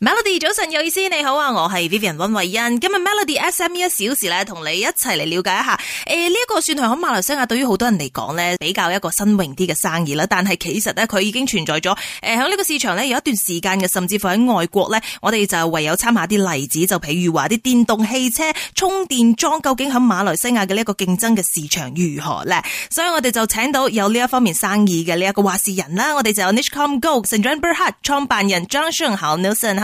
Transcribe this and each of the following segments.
Melody 早晨，有意思你好啊！我係 Vivian 溫慧欣，今日 Melody SME 一小時咧，同你一齊嚟了解一下誒，呢、呃、一、這個算係喺馬來西亞對於好多人嚟講咧，比較一個新穎啲嘅生意啦。但係其實咧，佢已經存在咗誒，響、呃、呢個市場咧有一段時間嘅，甚至乎喺外國咧，我哋就唯有參考啲例子，就譬如話啲電動汽車充電樁究竟喺馬來西亞嘅呢一個競爭嘅市場如何咧？所以我哋就請到有呢一方面生意嘅呢一個話事人啦，我哋就有 Nichcom Gold，Sandra b e r h a t 創辦人 Johnson h a n e l s o n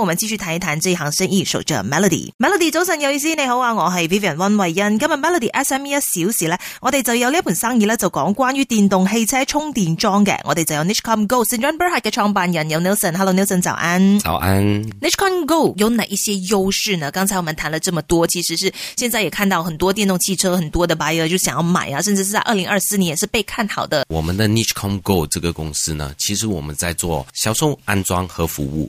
我們繼續談一談這一行生意，術，着 Melody。Melody 早晨有意思，你好啊，我係 Vivian Wan 溫慧欣。今日 Melody SME 一小時呢，我哋就有呢盤生意呢，就講關於電動汽車充電樁嘅。我哋就有 Nichecom Go，是 Runberg 嘅創辦人有 Nelson。Hello Nelson，早安。早安。Nichecom Go 有哪一些優勢呢？剛才我們談了這麼多，其實是現在也看到很多電動汽車，很多的 buyer 就想要買啊，甚至是在二零二四年也是被看好的。我們的 Nichecom Go 這個公司呢，其實我們在做銷售、安裝和服務。